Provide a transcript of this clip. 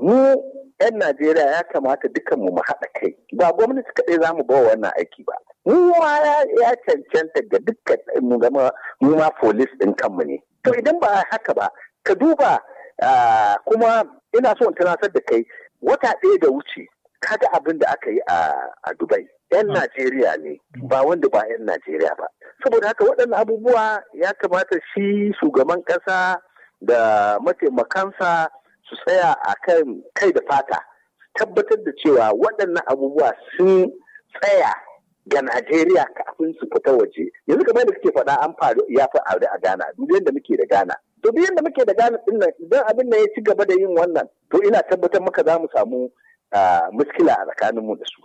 mu 'yan Najeriya ya kamata dukanmu mu mu haɗa kai ba gwamnati kaɗai za mu bawa wannan aiki ba. Mu ya cancanta ga dukkan mu zama mu ma polis ɗin kanmu ne. To idan ba haka ba ka duba kuma ina so in tunasar da kai wata ɗaya da wuce kada abin da aka yi a Dubai. 'Yan mm. Najeriya ne ba wanda ba 'yan Najeriya ba. Saboda haka waɗannan abubuwa ya kamata shi shugaban ƙasa da mataimakansa su tsaya a kan kai da fata tabbatar da cewa waɗannan abubuwa sun tsaya ga Najeriya kafin su fita waje yanzu kamar da kake faɗa an faru ya fi aure a Ghana duk yadda muke da Ghana to duk yadda muke da Ghana din idan abin nan ya ci gaba da yin wannan to ina tabbatar maka za mu samu ah, muskila a tsakaninmu da su